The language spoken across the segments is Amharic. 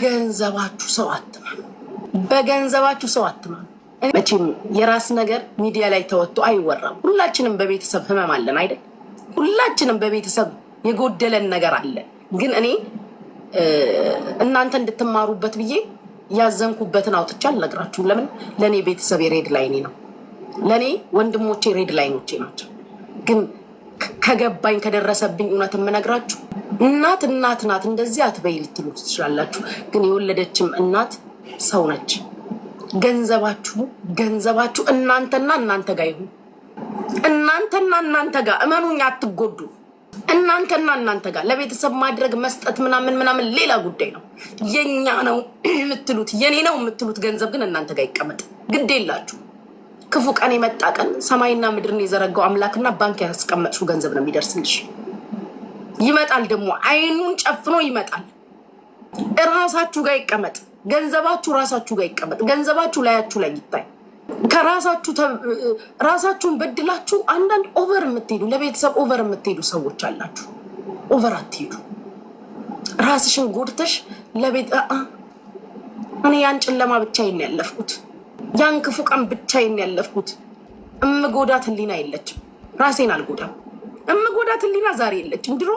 በገንዘባችሁ ሰው አትመኑ። በገንዘባችሁ ሰው አትመኑ። መቼም የራስ ነገር ሚዲያ ላይ ተወጥቶ አይወራም። ሁላችንም በቤተሰብ ህመም አለን አይደል? ሁላችንም በቤተሰብ የጎደለን ነገር አለ። ግን እኔ እናንተ እንድትማሩበት ብዬ ያዘንኩበትን አውጥቼ አልነግራችሁም። ለምን ለእኔ ቤተሰብ የሬድ ላይኔ ነው። ለእኔ ወንድሞቼ ሬድ ላይኖቼ ናቸው። ግን ከገባኝ ከደረሰብኝ እውነት የምነግራችሁ እናት እናት ናት። እንደዚህ አትበይ ልትሉ ትችላላችሁ። ግን የወለደችም እናት ሰው ነች። ገንዘባችሁ ገንዘባችሁ እናንተና እናንተ ጋር ይሁን። እናንተና እናንተ ጋር እመኑኝ፣ አትጎዱ። እናንተና እናንተ ጋር ለቤተሰብ ማድረግ መስጠት ምናምን ምናምን ሌላ ጉዳይ ነው። የኛ ነው የምትሉት የኔ ነው የምትሉት ገንዘብ ግን እናንተ ጋር ይቀመጥ፣ ግድ የላችሁ። ክፉ ቀን የመጣ ቀን ሰማይና ምድርን የዘረጋው አምላክና ባንክ ያስቀመጥሽው ገንዘብ ነው የሚደርስልሽ። ይመጣል። ደግሞ አይኑን ጨፍኖ ይመጣል። እራሳችሁ ጋር ይቀመጥ። ገንዘባችሁ ራሳችሁ ጋር ይቀመጥ። ገንዘባችሁ ላያችሁ ላይ ይታይ። ከራሳችሁ ራሳችሁን በድላችሁ አንዳንድ ኦቨር የምትሄዱ ለቤተሰብ ኦቨር የምትሄዱ ሰዎች አላችሁ። ኦቨር አትሄዱ። ራስሽን ጎድተሽ ለቤት እኔ ያን ጨለማ ብቻዬን ያለፍኩት፣ ያን ክፉ ቀን ብቻዬን ያለፍኩት። እምጎዳት ህሊና የለችም። ራሴን አልጎዳም። እምጎዳት ህሊና ዛሬ የለችም ድሮ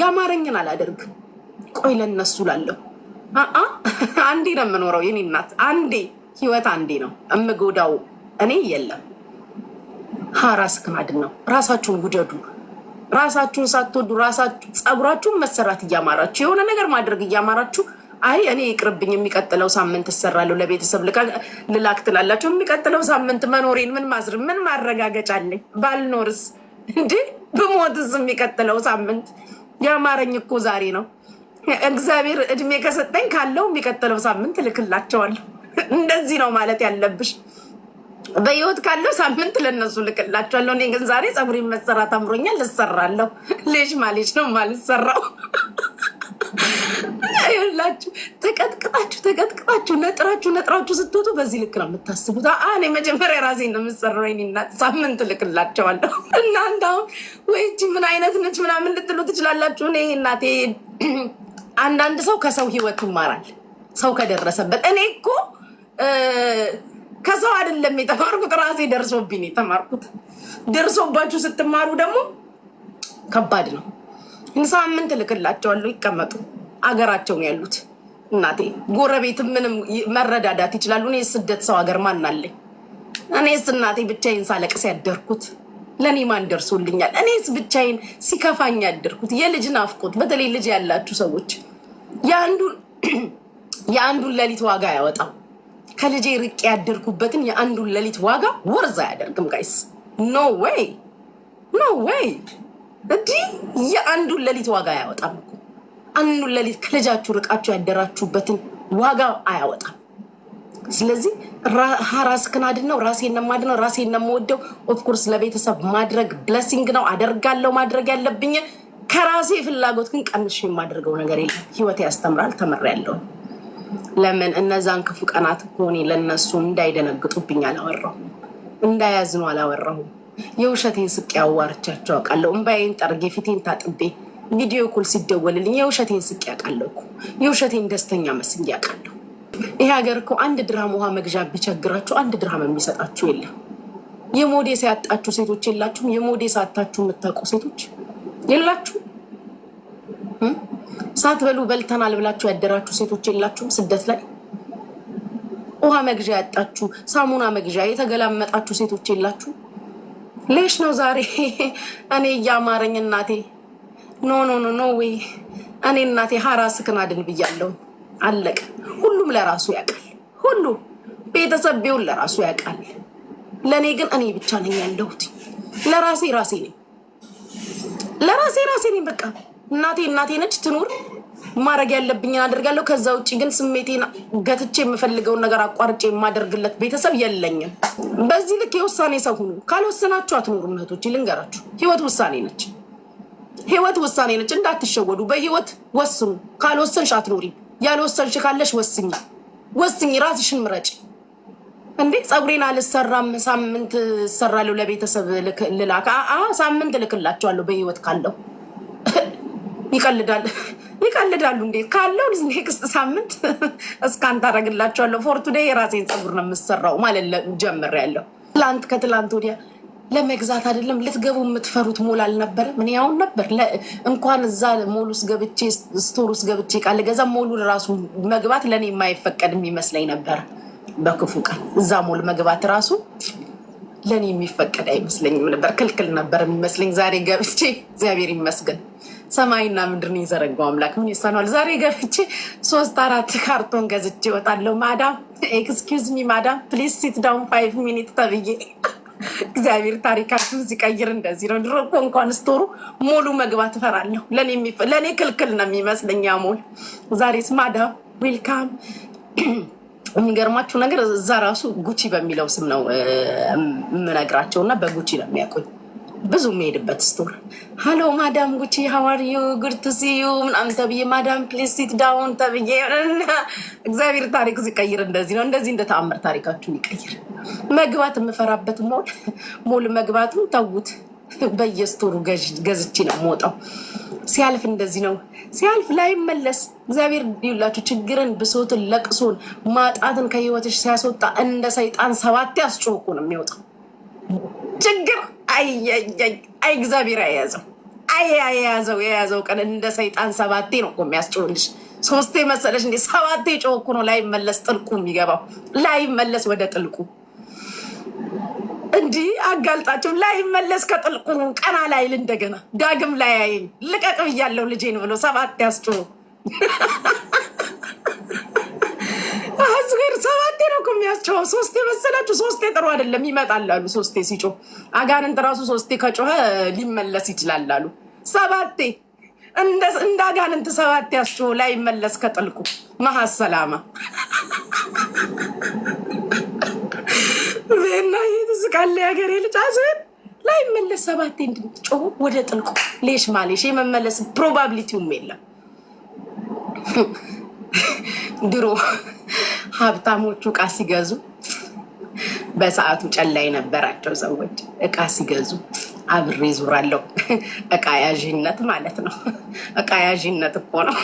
ያማረኝን አላደርግም። ቆይ ለነሱ ላለሁ አንዴ ነው የምኖረው። የኔ እናት አንዴ ህይወት አንዴ ነው። እምጎዳው እኔ የለም። ሀራስ ክናድን ነው። ራሳችሁን ውደዱ። ራሳችሁን ሳትወዱ ራሳችሁ ፀጉራችሁን መሰራት እያማራችሁ የሆነ ነገር ማድረግ እያማራችሁ አይ እኔ ይቅርብኝ፣ የሚቀጥለው ሳምንት እሰራለሁ፣ ለቤተሰብ ልላክ ትላላችሁ። የሚቀጥለው ሳምንት መኖሬን ምን ማስር ምን ማረጋገጫ አለኝ? ባልኖርስ እንዴ ብሞትስ የሚቀጥለው ሳምንት የአማረኝ እኮ ዛሬ ነው። እግዚአብሔር እድሜ ከሰጠኝ ካለው የሚቀጥለው ሳምንት ልክላቸዋለሁ። እንደዚህ ነው ማለት ያለብሽ። በህይወት ካለው ሳምንት ለነሱ ልክላቸዋለሁ። እኔ ግን ዛሬ ፀጉሬን መሰራት አምሮኛል፣ ልሰራለሁ። ሌሽ ማሌጅ ነው ማልሰራው ያላችሁ ተቀጥቅጣችሁ ተቀጥቅጣችሁ ነጥራችሁ ነጥራችሁ ስትወጡ በዚህ ልክ ነው የምታስቡት። እኔ መጀመሪያ ራሴን ነው የምሰራው። ና ሳምንት ልክላቸዋለሁ። እናንተ አሁን ወይቺ ምን አይነት ነች ምናምን ልትሉ ትችላላችሁ። እኔ እናቴ አንዳንድ ሰው ከሰው ህይወት ይማራል፣ ሰው ከደረሰበት። እኔ እኮ ከሰው አይደለም የተማርኩት፣ ራሴ ደርሶብኝ የተማርኩት። ደርሶባችሁ ስትማሩ ደግሞ ከባድ ነው። ሳምንት ልክላቸዋለሁ፣ ይቀመጡ አገራቸው ነው ያሉት። እናቴ ጎረቤት ምንም መረዳዳት ይችላሉ። እኔ ስደት ሰው ሀገር ማን አለኝ? እኔስ እናቴ ብቻዬን ሳለቅስ ያደርኩት ለእኔ ማን ደርሶልኛል? እኔስ ብቻዬን ሲከፋኝ ያደርኩት የልጅ ናፍቆት፣ በተለይ ልጅ ያላችሁ ሰዎች የአንዱን ሌሊት ዋጋ አያወጣም። ከልጄ ርቄ ያደርኩበትን የአንዱን ሌሊት ዋጋ ወርዝ አያደርግም። ጋይስ ኖ ወይ ኖ ወይ እንዲህ የአንዱን ሌሊት ዋጋ አያወጣም። አንዱን ለሊት ከልጃችሁ ርቃችሁ ያደራችሁበትን ዋጋ አያወጣም። ስለዚህ ራስክን አድነው፣ ራሴ ነማድነው ራሴ ነመወደው። ኦፍኮርስ ለቤተሰብ ማድረግ ብለሲንግ ነው፣ አደርጋለው ማድረግ ያለብኝ ከራሴ ፍላጎት ግን ቀንሽ የማደርገው ነገር የለም። ህይወት ያስተምራል። ያለው ለምን እነዛን ክፉ ቀናት ሆኔ ለነሱ እንዳይደነግጡብኝ አላወራሁ፣ እንዳያዝኑ አላወራሁ። የውሸቴን ስቄ አዋርቻቸው አውቃለሁ። እምባዬን ጠርጌ ፊቴን ታጥቤ ቪዲዮ ኮል ሲደወልልኝ የውሸቴን ስቅ ያውቃለሁ እኮ የውሸቴን ደስተኛ መስል አውቃለሁ። ይሄ ሀገር እኮ አንድ ድርሃም ውሃ መግዣ ቢቸግራችሁ አንድ ድርሃም የሚሰጣችሁ የለም። የሞዴስ ያጣችሁ ሴቶች የላችሁም። የሞዴስ አጣችሁ የምታውቁ ሴቶች የላችሁ። ሳትበሉ በልተናል ብላችሁ ያደራችሁ ሴቶች የላችሁም። ስደት ላይ ውሃ መግዣ ያጣችሁ፣ ሳሙና መግዣ የተገላመጣችሁ ሴቶች የላችሁ። ሌሽ ነው ዛሬ እኔ እያማረኝ እናቴ ኖ ኖ ኖ ኖ ወይ እኔ እናቴ ራስህን አድን ብያለሁ። አለቀ። ሁሉም ለራሱ ያውቃል። ሁሉ ቤተሰብ ቢሆን ለራሱ ያውቃል። ለእኔ ግን እኔ ብቻ ነኝ ያለሁት። ለራሴ ራሴ ነኝ። ለራሴ ራሴ ነኝ። በቃ እናቴ እናቴ ነች፣ ትኑር። ማድረግ ያለብኝን አደርጋለሁ። ከዛ ውጭ ግን ስሜቴን ገትቼ የምፈልገውን ነገር አቋርጬ የማደርግለት ቤተሰብ የለኝም። በዚህ ልክ የውሳኔ ሰው ሁኑ። ካልወሰናችሁ አትኖሩ። እህቶች ልንገራችሁ፣ ህይወት ውሳኔ ነች። ህይወት ውሳኔ ነች። እንዳትሸወዱ። በህይወት ወስኑ። ካልወሰንሽ አትኖሪ። ያልወሰንሽ ካለሽ ወስኝ፣ ወስኝ። ራስሽን ምረጭ። እንዴት ፀጉሬን አልሰራም? ሳምንት እሰራለሁ፣ ለቤተሰብ ልላክ፣ ሳምንት እልክላቸዋለሁ። በህይወት ካለው ይቀልዳል፣ ይቀልዳሉ። እንዴት ካለው ኔክስት ሳምንት እስካንት አደርግላቸዋለሁ። ፎርቱዴ የራሴን ፀጉር ነው የምሰራው ማለት ያለው ትላንት ከትላንት ወዲያ ለመግዛት አይደለም ልትገቡ የምትፈሩት ሞል አልነበረም። እኔ አሁን ነበር እንኳን እዛ ሞል ውስጥ ገብቼ ስቶር ውስጥ ገብቼ ቃል ገዛ ሞሉ ራሱ መግባት ለእኔ የማይፈቀድ የሚመስለኝ ነበር። በክፉ ቀን እዛ ሞል መግባት ራሱ ለእኔ የሚፈቀድ አይመስለኝም ነበር፣ ክልክል ነበር የሚመስለኝ። ዛሬ ገብቼ እግዚአብሔር ይመስገን ሰማይና ምድርን የዘረጋው አምላክ ምን ይሳነዋል? ዛሬ ገብቼ ሶስት አራት ካርቶን ገዝቼ ይወጣለሁ። ማዳም ኤክስኪዝ ሚ ማዳም ፕሊዝ ሲት ዳውን ፋይቭ ሚኒት ተብዬ እግዚአብሔር ታሪካችሁ ሲቀይር እንደዚህ ነው። ድሮ እኮ እንኳን ስቶሩ ሙሉ መግባት እፈራለሁ። ለእኔ ክልክል ነው የሚመስለኝ ሙል ዛሬ ስማዳ ዌልካም። የሚገርማችሁ ነገር እዛ ራሱ ጉቺ በሚለው ስም ነው የምነግራቸው እና በጉቺ ነው የሚያውቁኝ። ብዙ የሚሄድበት ስቶር ሀሎ ማዳም ጉቺ ሀዋርዩ ጉድ ቱ ሲ ምናምን ተብዬ ማዳም ፕሊዝ ሲት ዳውን ተብዬ እግዚአብሔር ታሪክ ሲቀይር እንደዚህ ነው። እንደዚህ እንደ ተአምር ታሪካችሁን ይቀይር። መግባት የምፈራበት ሞል ሞል መግባቱ ተዉት። በየስቶሩ ገዝቼ ነው የምወጣው። ሲያልፍ እንደዚህ ነው ሲያልፍ መለስ እግዚአብሔር ይላችሁ። ችግርን፣ ብሶትን፣ ለቅሶን፣ ማጣትን ከህይወትሽ ሲያስወጣ እንደ ሰይጣን ሰባት ያስጮኩ ነው የሚወጣው ችግር አይ እግዚአብሔር አያያዘው አይ አያያዘው የያዘው ቀን እንደ ሰይጣን ሰባቴ ነው እኮ የሚያስጨውልሽ። ሶስቴ መሰለሽ እንዴ? ሰባቴ ጮኩ ነው ላይመለስ ጥልቁ የሚገባው ላይመለስ ወደ ጥልቁ እንዲህ አጋልጣቸው ላይመለስ ከጥልቁ ቀና ላይ እንደገና ዳግም ላያይኝ ልቀቅ ብያለሁ ልጄን ብሎ ሰባት ያስጭሩ። አዝር ሰባቴ ነው እኮ ሶስቴ መሰላችሁ? ሶስቴ ጥሩ አይደለም ይመጣል አሉ። ሶስቴ ሲጮ አጋንንት ራሱ ሶስቴ ከጮኸ ሊመለስ ይችላል አሉ። ሰባቴ እንደ አጋንንት ሰባቴ ያስጮህ ላይ መለስ ከጥልቁ ቤና ና ትስቃለ ያገሬ ልጅ አዝር ላይ መለስ ሰባቴ እንድትጮህ ወደ ጥልቁ ሌሽ ማሌሽ የመመለስ ፕሮባብሊቲውም የለም። ድሮ ሀብታሞቹ እቃ ሲገዙ በሰዓቱ ጨላይ ነበራቸው ሰዎች እቃ ሲገዙ አብሬ ዙራለው እቃ ያዥነት ማለት ነው። እቃ ያዥነት እኮ ነው።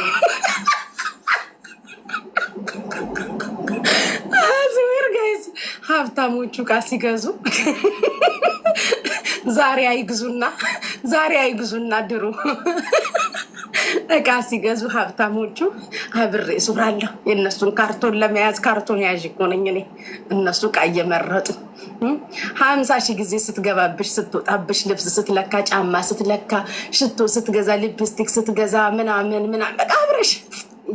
ዝር ጋይዝ ሀብታሞቹ እቃ ሲገዙ ዛሬ አይግዙና ዛሬ አይግዙና ድሮ እቃ ሲገዙ ሀብታሞቹ አብሬ ሱራለሁ። የእነሱን ካርቶን ለመያዝ ካርቶን ያዥ እኮ ነኝ እኔ። እነሱ እቃ እየመረጡ ሀምሳ ሺህ ጊዜ ስትገባብሽ ስትወጣብሽ፣ ልብስ ስትለካ፣ ጫማ ስትለካ፣ ሽቶ ስትገዛ፣ ሊፕስቲክ ስትገዛ ምናምን ምናምን በቃ አብረሽ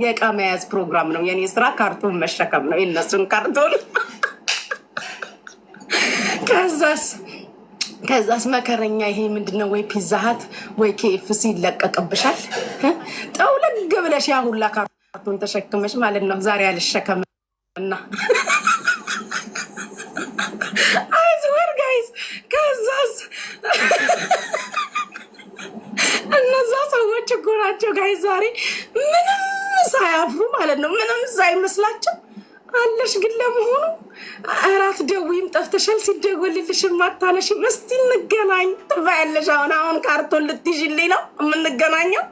የእቃ መያዝ ፕሮግራም ነው የኔ ስራ። ካርቶን መሸከም ነው የእነሱን ካርቶን ከዛስ ከዛስ መከረኛ ይሄ ምንድነው? ወይ ፒዛሀት ወይ ኬኤፍሲ ይለቀቅብሻል። ጠውለግ ብለሽ ያ ሁላ ተሸክመች ተሸክመሽ ማለት ነው። ዛሬ አልሸከምና አይዝወር ጋይዝ። ከዛስ እነዛ ሰዎች እኮ ናቸው ጋይዝ፣ ዛሬ ምንም ሳያፍሩ ማለት ነው፣ ምንም ሳይመስላቸው አለሽ ግን ለመሆኑ እራት ደዊም ጠፍተሻል፣ ሲደወልልሽ ማታነሽም። መስቲ እንገናኝ ትባያለሽ። አሁን አሁን ካርቶን ልትይዥልኝ ነው የምንገናኘው?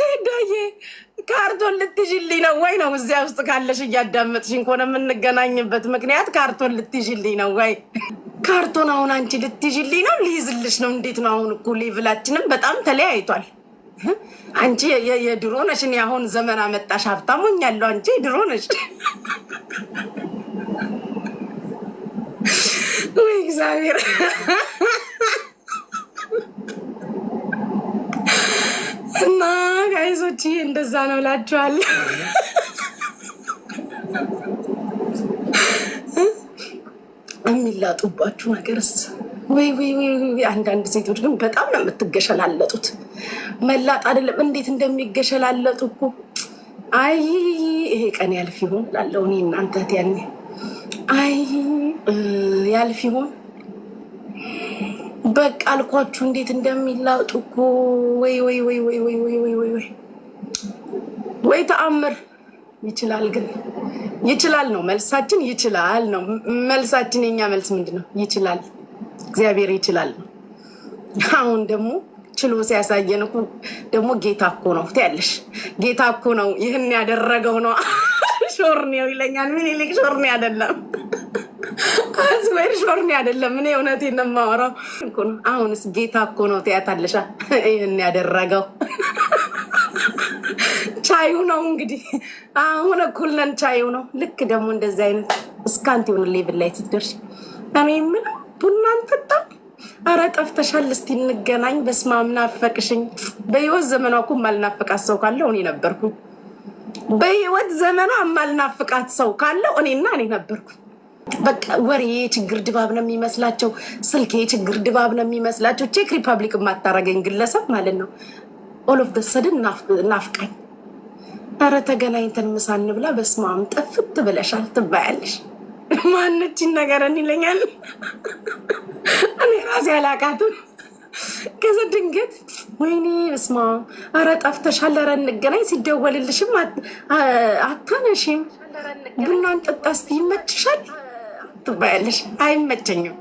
ደዳዬ ካርቶን ልትይዥልኝ ነው ወይ ነው? እዚያ ውስጥ ካለሽ እያዳመጥሽ እንኳን የምንገናኝበት ምክንያት ካርቶን ልትይዥልኝ ነው ወይ? ካርቶን አሁን አንቺ ልትይዥልኝ ነው? ልይዝልሽ ነው? እንዴት ነው? አሁን እኮ ሌቭላችንም በጣም ተለያይቷል። አንቺ የድሮ ነሽ። እኔ አሁን ዘመን አመጣሽ ሀብታሞኝ ያለው አንቺ የድሮ ነሽ። ወይ እግዚአብሔር እና ጋይዞች እንደዛ ነው ላችኋል። የሚላጡባችሁ ነገርስ ወይ ወይ ወይ አንዳንድ ሴቶች ግን በጣም ነው የምትገሸላለጡት። መላጥ አይደለም እንዴት እንደሚገሸላለጡ እኮ። አይ ይሄ ቀን ያልፍ ይሆን እኔ እናንተ ያኔ አይ ያልፍ ይሆን በቃ አልኳችሁ፣ እንዴት እንደሚላጡ እኮ። ወይ ወይ ወይ ወይ ወይ ወይ ወይ ወይ ወይ ወይ ተአምር። ይችላል ግን ይችላል ነው መልሳችን። ይችላል ነው መልሳችን። የኛ መልስ ምንድን ነው? ይችላል እግዚአብሔር ይችላል። አሁን ደግሞ ችሎ ሲያሳየን እኮ ደግሞ ጌታ እኮ ነው ትያለሽ። ጌታ እኮ ነው ይህን ያደረገው ነው ሾርኔው ይለኛል። ምን ይልቅ ሾርኔ አይደለም፣ አዝበር ሾርኔ አይደለም። እኔ እውነት ነው የማወራው። አሁንስ ጌታ እኮ ነው ትያታለሻ። ይህን ያደረገው ቻዩ ነው እንግዲህ አሁን እኩል ነን። ቻዩ ነው ልክ ደግሞ እንደዚህ አይነት እስካንት ሆኑ ሌቭል ላይ ስትደርሽ እኔ የምለው ቡና እንጠጣም። አረ ጠፍተሻል፣ እስቲ እንገናኝ። በስመ አብ ናፈቅሽኝ። በህይወት ዘመኗ እኮ የማልናፍቃት ሰው ካለው እኔ ነበርኩ። በህይወት ዘመኗ የማልናፍቃት ሰው ካለው እኔና እኔ ነበርኩ። በቃ ወሬ ችግር ድባብ ነው የሚመስላቸው፣ ስልኬ ችግር ድባብ ነው የሚመስላቸው። ቼክ ሪፐብሊክ የማታረገኝ ግለሰብ ማለት ነው። ኦል ኦፍ ደሰድን ናፍቃኝ። አረ ተገናኝተን ምሳ እንብላ። በስመ አብ ጥፍት ብለሻል ትባያለሽ። ማነችን ነገር ይለኛል። እኔ ራሴ አላቃትም። ከዚ ድንገት ወይኔ እስማ አረ ጠፍተሻል፣ አረ እንገናኝ ሲደወልልሽም አታነሽም። ቡናን ጠጣ እስኪ ይመችሻል ትባያለሽ። አይመቸኝም